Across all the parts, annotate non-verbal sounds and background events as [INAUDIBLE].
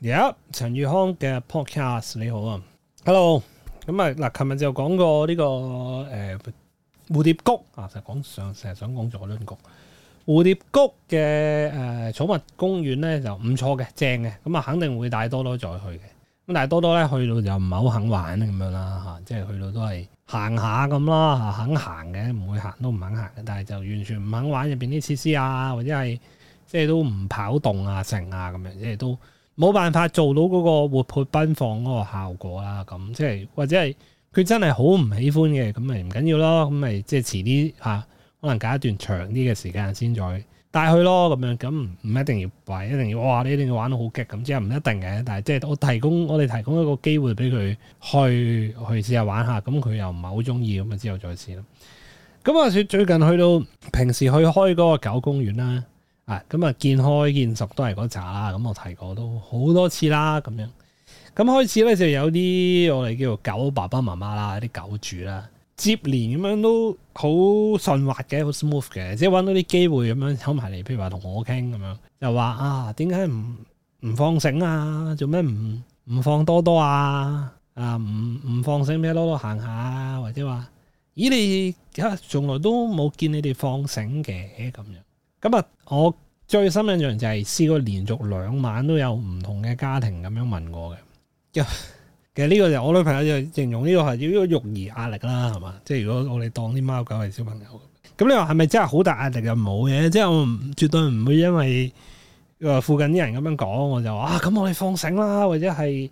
而家陳宇康嘅 podcast 你好啊，hello，咁啊嗱，琴日就講過呢個誒蝴蝶谷，啊，成日講，成日想講佐敦谷蝴蝶谷嘅誒，寵、呃、物公園咧，就唔錯嘅，正嘅，咁、嗯、啊肯定會帶多多再去嘅，咁但係多多咧去到就唔係好肯玩咁樣啦吓、啊，即係去到都係行下咁啦，肯行嘅，唔會行都唔肯行嘅，但係就完全唔肯玩入邊啲設施啊，或者係即係都唔跑動啊，成啊咁樣，即係都。冇辦法做到嗰個活潑奔放嗰個效果啦，咁即係或者係佢真係好唔喜歡嘅，咁咪唔緊要咯，咁咪即係遲啲吓可能隔一段長啲嘅時間先再帶去咯，咁樣咁唔一定要喂一定要哇，你一定要玩到好激咁，即係唔一定嘅。但係即係我提供我哋提供一個機會俾佢去去試下玩下，咁佢又唔係好中意，咁咪之後再試咯。咁話説最近去到平時去開嗰個狗公園啦。啊，咁啊見開見熟都係嗰扎啦，咁我提過都好多次啦，咁樣，咁開始咧就有啲我哋叫做狗爸爸媽媽啦，啲狗主啦，接連咁樣都好順滑嘅，好 smooth 嘅，即係揾到啲機會咁樣走埋嚟，譬如話同我傾咁樣，就話啊，點解唔唔放繩啊？做咩唔唔放多多啊？啊，唔唔放繩咩？多多行下，或者話，咦你吓，啊，從來都冇見你哋放繩嘅咁樣。咁啊！我最深印象就係試過連續兩晚都有唔同嘅家庭咁樣問我嘅。 [LAUGHS] 其實呢個就我女朋友就形容呢個係叫叫育兒壓力啦，係嘛？即係如果我哋當啲貓狗係小朋友咁，你話係咪真係好大壓力就冇嘅？即係我絕對唔會因為附近啲人咁樣講，我就話啊，咁我哋放省啦，或者係。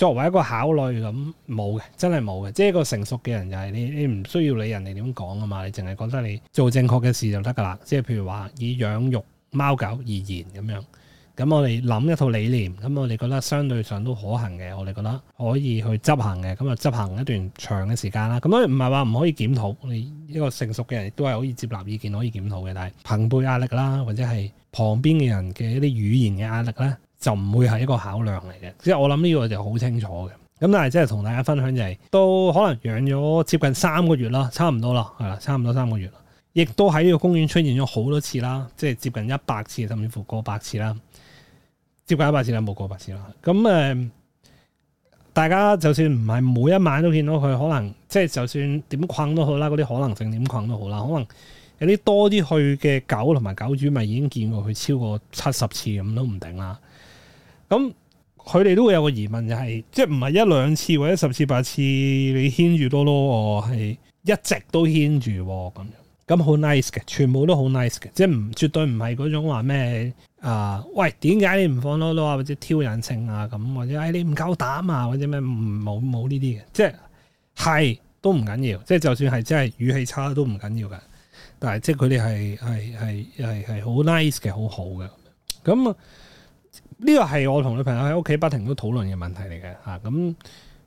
作為一個考慮咁冇嘅，真係冇嘅。即係一個成熟嘅人，就是，就係你你唔需要理人哋點講啊嘛。你淨係覺得你做正確嘅事就得噶啦。即係譬如話以養育貓狗而言咁樣，咁我哋諗一套理念，咁我哋覺得相對上都可行嘅，我哋覺得可以去執行嘅，咁啊執行一段長嘅時間啦。咁都唔係話唔可以檢討。你一個成熟嘅人，都係可以接納意見，可以檢討嘅。但係朋輩壓力啦，或者係旁邊嘅人嘅一啲語言嘅壓力咧。就唔會係一個考量嚟嘅，即係我諗呢個就好清楚嘅。咁但係即係同大家分享就係、是，都可能養咗接近三個月啦，差唔多啦，係啦，差唔多三個月啦，亦都喺呢個公園出現咗好多次啦，即係接近一百次，甚至乎過百次啦。接近一百次啦，冇過百次啦。咁誒、呃，大家就算唔係每一晚都見到佢，可能即係、就是、就算點困都好啦，嗰啲可能性點困都好啦，可能有啲多啲去嘅狗同埋狗主咪已經見過佢超過七十次咁都唔定啦。咁佢哋都會有個疑問、就係，就係即係唔係一兩次或者十次八次你牽住多囉，喎，係一直都牽住喎咁樣，咁好 nice 嘅，全部都好 nice 嘅，即係唔絕對唔係嗰種話咩啊？喂，點解你唔放多多啊？或者挑釁性啊？咁或者誒你唔夠膽啊？或者咩冇冇呢啲嘅？即係係都唔緊要，即係就算係真係語氣差都唔緊要嘅。但係即係佢哋係係係好 nice 嘅，好好嘅咁。呢個係我同女朋友喺屋企不停都討論嘅問題嚟嘅嚇，咁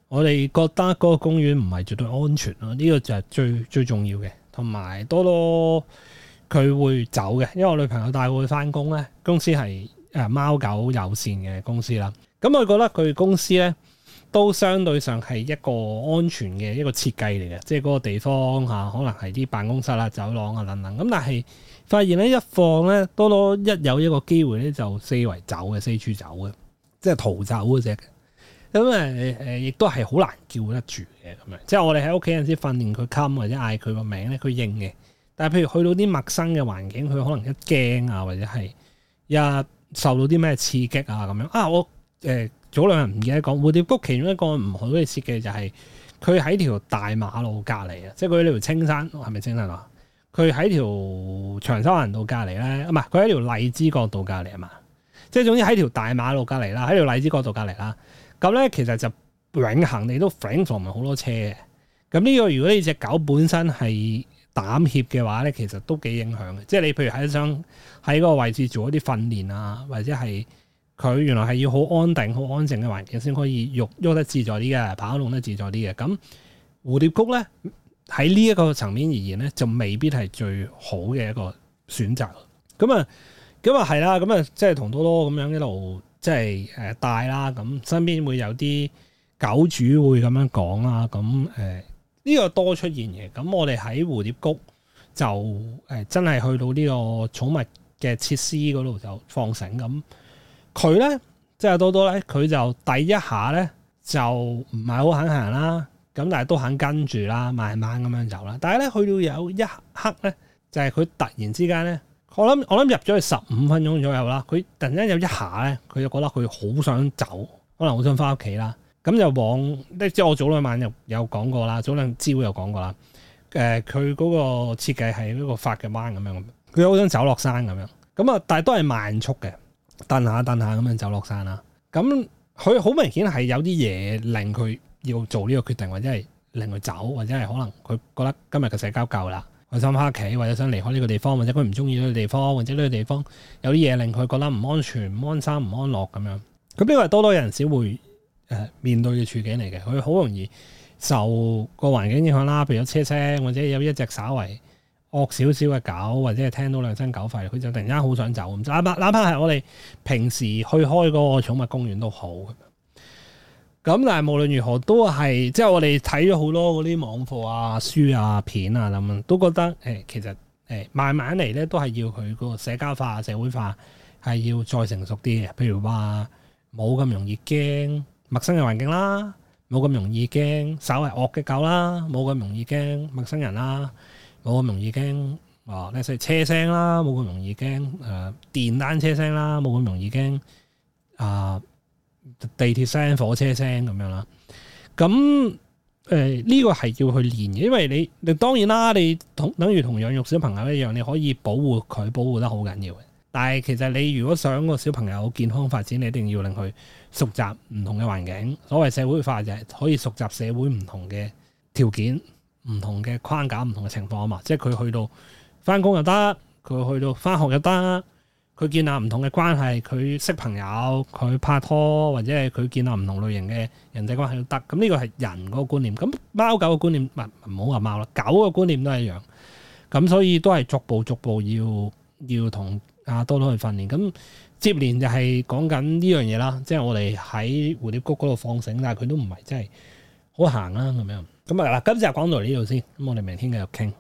我哋覺得嗰個公園唔係絕對安全咯，呢個就係最最重要嘅。同埋多多佢會走嘅，因為我女朋友帶我去翻工咧，公司係誒貓狗友善嘅公司啦。咁我覺得佢公司咧都相對上係一個安全嘅一個設計嚟嘅，即係嗰個地方嚇，可能係啲辦公室啦、走廊啊、等等。咁但係。發現咧一放咧，多多一有一個機會咧，就四圍走嘅，四處走嘅，即係逃走嗰隻咁誒誒，亦都係好難叫得住嘅咁樣。即係我哋喺屋企嗰陣時訓練佢襟，或者嗌佢個名咧，佢應嘅。但係譬如去到啲陌生嘅環境，佢可能一驚啊，或者係又受到啲咩刺激啊咁樣。啊，我誒、呃、早兩日唔記得講蝴蝶谷其中一個唔好嘅設計就係佢喺條大馬路隔籬啊，即係佢喺條青山，係咪青山啊？佢喺條。長沙灣道隔離咧，唔係佢喺條荔枝角道隔離啊嘛，即係總之喺條大馬路隔離啦，喺條荔枝角道隔離啦，咁咧其實就永恆你都 f r 唔係好多車嘅，咁呢個如果你隻狗本身係膽怯嘅話咧，其實都幾影響嘅，即係你譬如喺一張喺嗰個位置做一啲訓練啊，或者係佢原來係要好安定、好安靜嘅環境先可以喐喐得自在啲嘅，跑路得自在啲嘅，咁蝴蝶谷咧。喺呢一個層面而言咧，就未必係最好嘅一個選擇。咁啊，咁啊係啦，咁啊即係同多多咁樣一路即係誒帶啦。咁、就是、身邊會有啲狗主會咁樣講啦。咁誒呢個多出現嘅，咁我哋喺蝴蝶谷就誒真係去到呢個寵物嘅設施嗰度就放繩。咁佢咧即係多多咧，佢、就是、就第一一下咧就唔係好肯行啦。咁但係都肯跟住啦，慢慢咁樣走啦。但係咧去到有一刻咧，就係、是、佢突然之間咧，我諗我諗入咗去十五分鐘左右啦，佢突然間有一下咧，佢就覺得佢好想走，可能好想翻屋企啦。咁就往即係我早兩晚有有講過啦，早兩朝有講過啦。佢、呃、嗰個設計係呢個發嘅彎咁樣，佢好想走落山咁樣。咁啊，但係都係慢速嘅，蹬下蹬下咁樣走落山啦。咁佢好明顯係有啲嘢令佢，要做呢個決定，或者係令佢走，或者係可能佢覺得今日嘅社交夠啦，佢想翻屋企，或者想離開呢個地方，或者佢唔中意呢個地方，或者呢個地方有啲嘢令佢覺得唔安全、唔安生、唔安樂咁樣。咁呢個係多多人少會、呃、面對嘅處境嚟嘅。佢好容易受個環境影響啦，譬如有車聲，或者有一隻稍為惡少少嘅狗，或者係聽到兩聲狗吠，佢就突然間好想走。咁哪怕哪怕係我哋平時去開嗰個寵物公園都好。咁但係無論如何都係，即係我哋睇咗好多嗰啲網課啊、書啊、片啊咁樣，都覺得誒、欸，其實誒、欸，慢慢嚟咧都係要佢個社交化、社會化係要再成熟啲嘅。譬如話冇咁容易驚陌生嘅環境啦，冇咁容易驚稍為惡嘅狗啦，冇咁容易驚陌生人啦，冇咁容易驚啊，那、哦、車聲啦，冇咁容易驚誒、呃，電單車聲啦，冇咁容易驚啊。呃地鐵聲、火車聲咁樣啦，咁誒呢個係要去練嘅，因為你你當然啦，你同等於同養育小朋友一樣，你可以保護佢，保護得好緊要嘅。但係其實你如果想個小朋友健康發展，你一定要令佢熟習唔同嘅環境。所謂社會化就係可以熟習社會唔同嘅條件、唔同嘅框架、唔同嘅情況啊嘛。即係佢去到返工又得，佢去到返學又得。佢建立唔同嘅關係，佢識朋友，佢拍拖或者係佢建立唔同類型嘅人際關係都得。咁呢個係人個觀念。咁貓狗嘅觀念，唔好話貓啦，狗嘅觀念都係一樣。咁所以都係逐步逐步要要同阿多多去訓練。咁接連就係講緊呢樣嘢啦，即係我哋喺蝴蝶谷嗰度放繩，但係佢都唔係真係好行啦，啊，咁樣。咁啊今朝就講到呢度先。咁我哋明天繼續傾。